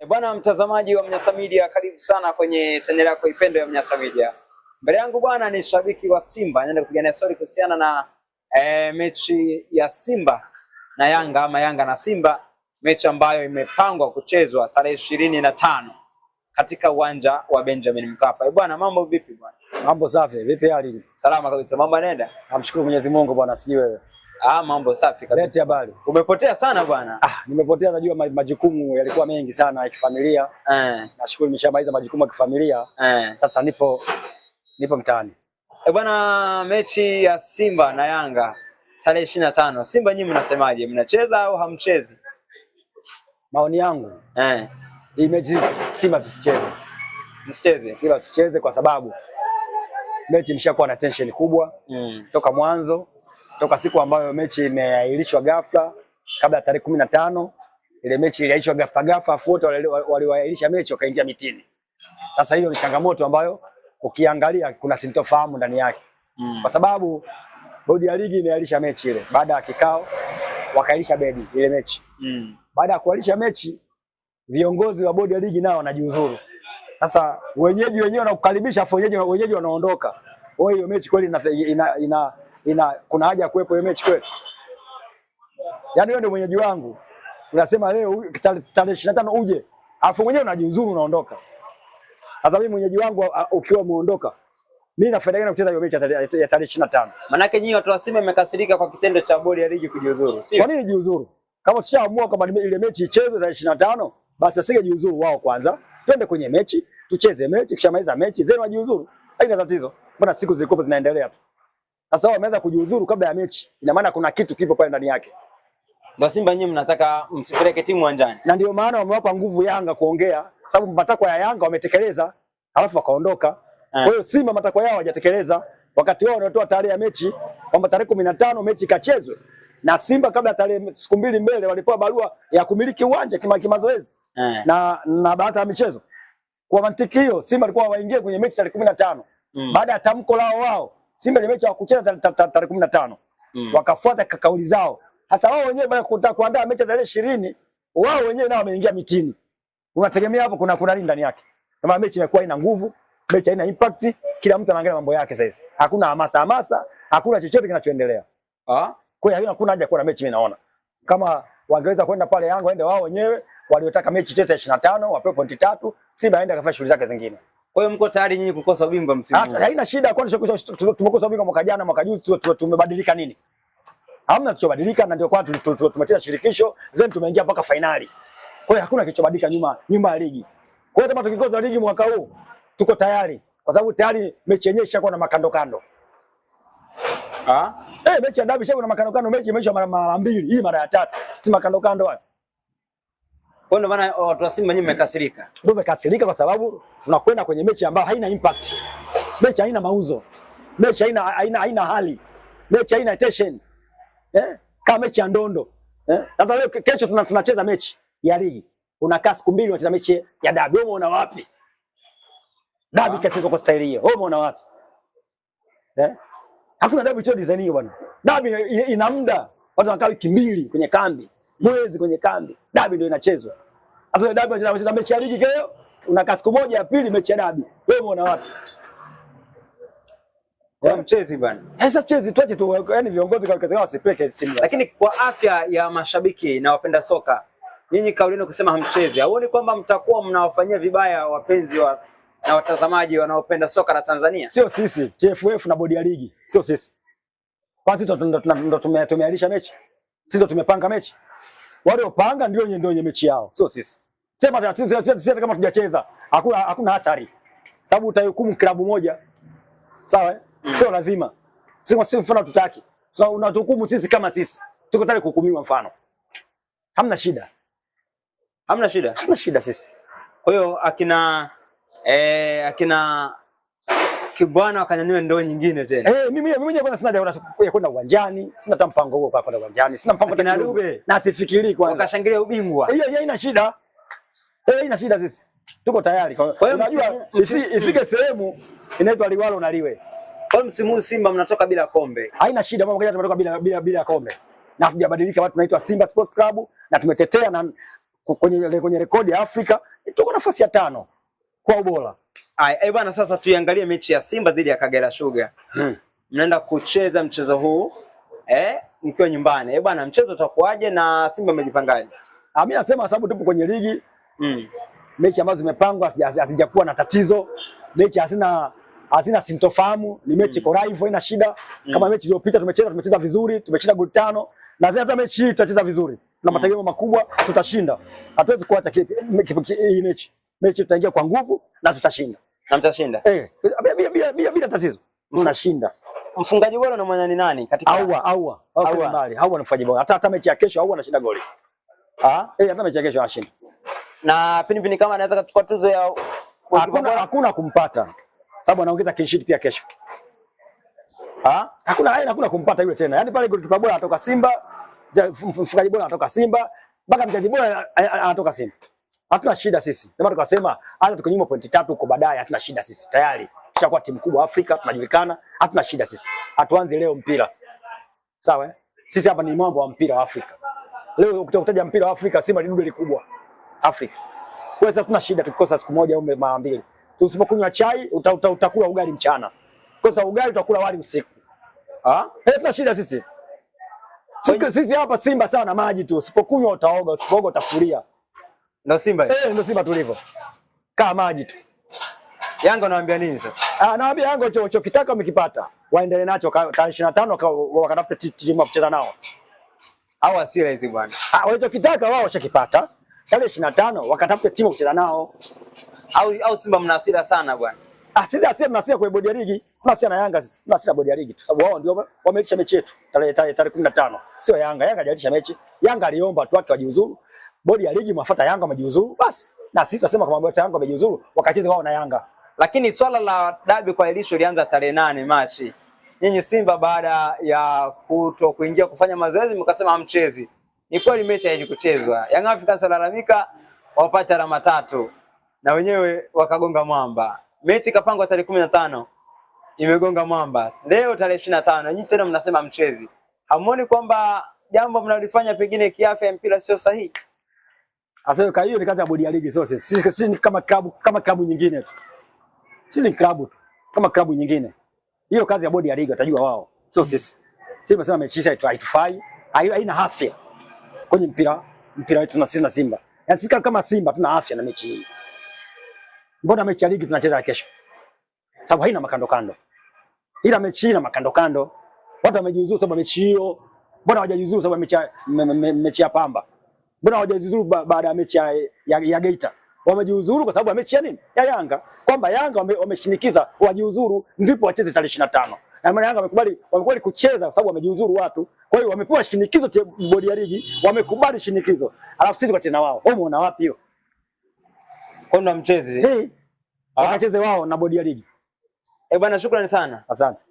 E bwana mtazamaji wa Mnyasa Media, karibu sana kwenye chaneli yako ipendwa ya Mnyasa Media. Mbele yangu bwana ni shabiki wa Simba, naenda kupigania stori kuhusiana na e, mechi ya Simba na Yanga ama Yanga na Simba, mechi ambayo imepangwa kuchezwa tarehe ishirini na tano katika uwanja wa Benjamin Mkapa. E bwana, mambo vipi bwana? Mambo safi, vipi hali? Salama kabisa, mambo yanaenda. Namshukuru Mwenyezi Mungu bwana, sijui wewe. Ah, mambo safi kabisa. Leti habari. Umepotea sana bwana. Ah, nimepotea najua majukumu yalikuwa mengi sana ya kifamilia. Eh. Nashukuru nimeshamaliza majukumu ya kifamilia. Eh. Sasa nipo nipo mtaani. Eh, bwana mechi ya Simba na Yanga tarehe ishirini na tano. Simba nyinyi mnasemaje? Mnacheza au hamchezi? Maoni yangu. Eh. Hii mechi Simba tusicheze. Msicheze. Simba tusicheze kwa sababu mechi imeshakuwa na tension kubwa mm. toka mwanzo toka siku ambayo mechi imeahirishwa ghafla kabla ya tarehe kumi na tano ile mechi iliahirishwa ghafla ghafla, afu wote walioahirisha mechi wakaingia mitini. Sasa hiyo ni changamoto ambayo ukiangalia kuna sintofahamu ndani yake mm. kwa sababu bodi ya ligi imeahirisha mechi ile baada ya kikao wakaahirisha bedi ile mechi mm. baada ya kuahirisha mechi viongozi wa bodi ya ligi nao wanajiuzuru. Sasa wenyeji wenyewe wanakukaribisha, afu wenyeji wanaondoka. Kwa hiyo mechi kweli ina, ina, ina ina kuna haja ya kuwepo hiyo mechi kweli? Yaani wewe ndio mwenyeji wangu unasema leo tarehe 25 uje, afu mwenyewe unajiuzuru unaondoka. Sasa mimi mwenyeji wangu ukiwa muondoka, mimi nafaida gani kucheza hiyo mechi ya tarehe 25? Maana yake nyinyi watu wa Simba mmekasirika kwa kitendo cha bodi ya ligi kujiuzuru, sio? Kwa nini jiuzuru? Kama tushaamua kwamba ile mechi ichezwe tarehe 25, basi asige jiuzuru wao kwanza, twende kwenye mechi tucheze mechi, kishamaliza mechi then wajiuzuru, haina tatizo. Mbona siku zilikuwa zinaendelea tu. Sasa wao wameanza kujiudhuru kabla ya mechi, ina maana kuna kitu kipo pale ndani yake. Na Simba nyinyi mnataka msipeleke timu uwanjani, na ndio maana wamewapa nguvu Yanga kuongea, sababu matakwa ya Yanga wametekeleza, alafu wakaondoka. Eh. Kwa hiyo Simba matakwa yao hawajatekeleza, wakati wao wanatoa tarehe ya mechi kwamba tarehe kumi na tano mechi ikachezwe na Simba kabla tarehe siku mbili mbele walipewa barua ya kumiliki uwanja kima kimazoezi eh, na na baada ya michezo. Kwa mantiki hiyo Simba alikuwa waingie kwenye mechi tarehe 15 mm, baada ya tamko lao wao Simba ni mechi ya kucheza tarehe kumi na tano mm. wakafuata kauli zao. Hasa wao wenyewe baada ya kuandaa mechi tarehe ishirini wao wenyewe nao wameingia mitini. Unategemea hapo kuna kuna nini ndani yake? Kama mechi imekuwa ina nguvu, mechi haina impact, kila mtu anaangalia mambo yake sasa. Hakuna hamasa hamasa, hakuna chochote kinachoendelea. Ah? Kwa hiyo hakuna haja kuwa na mechi mimi naona. Kama wangeweza kwenda pale Yanga waende wao wenyewe waliotaka mechi tete ya 25 wapewe pointi tatu, Simba aende akafanya shughuli zake zingine. Kwa hiyo mko tayari nyinyi kukosa ubingwa msimu ah, huu? Haina shida, kwani tumekosa ubingwa mwaka jana, mwaka juzi tumebadilika nini? Hamna kilichobadilika, na ndio kwa tumecheza shirikisho then tumeingia mpaka finali. Kwa hiyo hakuna kilichobadilika nyuma nyuma ya ligi. Kwa hiyo kama tukikosa ligi mwaka huu tuko tayari, kwa sababu tayari mechi yenyewe ishakuwa na makando kando. Ah? Eh, mechi ya dabi ishakuwa na makando kando, mechi imeisha mara mbili, hii mara ya tatu. Si makando kando haya. Kwa ndio maana watu wa Simba nyinyi mmekasirika. Ndio mmekasirika kwa sababu tunakwenda kwenye mechi ambayo haina impact. Mechi haina mauzo. Mechi haina haina haina hali. Mechi haina tension. Eh? Kama mechi ya ndondo. Eh? Sasa leo kesho tunacheza mechi ya ligi. Unakaa siku mbili unacheza mechi ya dabi. Wewe umeona wapi? Dabi ah, kachezwa kwa staili hiyo. Wewe umeona wapi? Eh? Hakuna dabi cho design hiyo bwana. Dabi ina muda. Watu wanakaa wiki mbili kwenye kambi mwezi kwenye kambi. Dabi ndio inachezwa. Hata dabi inachezwa mechi ya ligi kesho, una kasiku moja ya pili mechi ya dabi. Wewe umeona wapi? Kwa mchezi bwana. Eh, sasa mchezi tuache tu, yani viongozi kwa kazi yao sipeke timu. Lakini kwa afya ya mashabiki na wapenda soka, nyinyi kauli yenu kusema hamchezi. Hauoni kwamba mtakuwa mnawafanyia vibaya wapenzi wa na watazamaji wanaopenda soka la Tanzania? Sio sisi, TFF na bodi ya ligi. Sio sisi. Kwani sisi ndo tumeahirisha mechi? Sisi ndo tumepanga mechi? waliopanga ndio ndio wenye mechi yao, sio sisi. Sema tatizo sisi kama tujacheza hakuna hakuna hatari, sababu utahukumu klabu moja sawa, eh? mm. sio lazima sio sisi, mfano tutaki so, unatuhukumu sisi kama sisi tuko tayari kuhukumiwa, mfano hamna shida, hamna shida, hamna shida sisi. Kwa hiyo akina eh, akina kibwana wakanyanyua ndoo nyingine tena. Eh, mimi mimi bwana sina dawa ya kwenda uwanjani, sina hata mpango huo kwa kwenda uwanjani. Sina mpango tena Rube. Na sifikiri kwanza. Ukashangilia ubingwa. Hiyo eh, hiyo ina shida. Eh, ina shida sisi. Tuko tayari. Kwa hiyo unajua ifike sehemu inaitwa liwalo na liwe. Kwa msimu huu Simba mnatoka bila kombe. Haina shida mambo ngoja tumetoka bila bila bila kombe. Na hatujabadilika watu tunaitwa Simba Sports Club na tumetetea na kwenye kwenye rekodi ya Afrika tuko nafasi ya tano kwa ubora. Haya, eh bwana, sasa tuiangalie mechi ya Simba dhidi ya Kagera Sugar. Hmm. Mnaenda kucheza mchezo huu eh, mkiwa nyumbani. Eh bwana, mchezo utakuwaje na Simba amejipangaje? Ah, mimi nasema sababu tupo kwenye ligi. Hmm. Mechi ambazo zimepangwa hazijakuwa na tatizo. Mechi hazina hazina sintofahamu, ni mechi hmm. iko live haina shida. Hmm. Kama mechi iliyopita tumecheza tumecheza vizuri, tumecheza goli tano. Na hata mechi hii tutacheza vizuri. Na mm. mategemeo makubwa, tutashinda. Hatuwezi kuacha hii mechi mechi tutaingia kwa nguvu na tutashinda. Na mtashinda. Eh, bila bila bila, bila tatizo. Tunashinda. Mfungaji bora unamwona ni nani katika Aua Aua Aua mbali. Aua ni mfungaji bora. Hata hata mechi ya kesho Aua anashinda goli. Ah, eh hata mechi ya kesho anashinda. Na Pinipini kama anaweza kuchukua tuzo ya hakuna, hakuna kumpata sababu anaongeza kinshiti pia kesho. Ha? Hakuna haya hakuna kumpata yule tena. Yaani pale golikipa bora anatoka Simba, mfungaji bora anatoka Simba, mpaka mchezaji bora anatoka Simba hatuna shida sisi. Ndio maana tukasema hata tukinyimwa pointi tatu huko baadaye hatuna shida sisi. Tayari tushakuwa timu kubwa Afrika, tunajulikana, hatuna shida sisi. Hatuanze leo mpira. Sawa eh? Sisi hapa ni mambo ya mpira wa Afrika. Leo ukitaja mpira wa Afrika Simba ni dude likubwa Afrika. Kwa sababu tuna shida tukikosa siku moja au mara mbili. Tusipokunywa chai uta, uta, utakula ugali mchana. Kosa ugali utakula wali usiku. Ah? Eh, tuna shida sisi. Sisi, sisi hapa Simba sawa na maji tu. Usipokunywa utaoga, usipooga utafuria. Ndio Simba Eh, ndio Simba tulivyo. Kaa maji tu. Yanga unawaambia nini sasa? Ah, nawaambia Yanga chokitaka wamekipata. Waendelee nacho tarehe 25 na tano wakatafuta timu ya kucheza nao. Au asira hizi bwana. Ah, walichokitaka wao washakipata. Tarehe 25 wakatafuta timu ya kucheza nao. Au au Simba mna asira sana bwana. Ah, sisi hasira mna asira kwa bodi ya ligi. Mna asira na Yanga sisi. Mna asira bodi ya ligi tu. Sababu wao ndio wameilisha mechi yetu tarehe tarehe 15. Sio Yanga. Yanga hajalisha mechi. Yanga aliomba tu wake wajiuzuru bodi ya ligi mwafuata Yanga wamejiuzuru, basi na sisi tunasema kama bodi ya Yanga wamejiuzuru, wakacheze wao na Yanga. Lakini swala la dabi kwa Elisho lianza tarehe nane Machi. Nyinyi Simba baada ya kuto kuingia kufanya mazoezi mkasema hamchezi. Ni kweli mechi haiwezi kuchezwa. Yanga Africans walalamika wapata alama tatu na wenyewe wakagonga mwamba. Mechi kapangwa tarehe kumi na tano imegonga mwamba. Leo tarehe ishirini na tano nyinyi tena mnasema mchezi. Hamuoni kwamba jambo mnalifanya pengine kiafya mpira sio sahihi? Sasa kwa hiyo ni kazi ya bodi ya ligi sio sisi. si, si, kama klabu kama klabu nyingine tu. Sisi ni klabu tu. Kama klabu nyingine. Hiyo kazi ya bodi ya ligi watajua wao, sio sisi. Sisi tunasema mechi hii haitufai, haina afya kwenye mpira mpira wetu na sisi na Simba. Yaani sisi kama Simba tuna afya na mechi hii. Mbona mechi ya ligi tunacheza kesho? Sababu haina makando kando. Ila mechi ina makando kando. Watu wamejizuru sababu mechi hiyo. Mbona hawajajiuzuru sababu mechi mechi ya Pamba? Mbona hawajajiuzuru baada ya mechi ya, ya, ya Geita? Wamejiuzuru kwa sababu ya mechi ya nini? Ya Yanga. Kwamba Yanga wameshinikiza wame wajiuzuru ndipo wacheze tarehe 25. Na maana Yanga wamekubali wamekubali kucheza kwa sababu wamejiuzuru watu. Kwa hiyo wamepewa shinikizo te bodi ya ligi, wamekubali shinikizo. Alafu sisi kwa tena wao. Wao umeona wapi hiyo? Kwa ndo mcheze. Hey, ah. wakacheze wao na bodi ya ligi. Eh, bwana shukrani sana. Asante.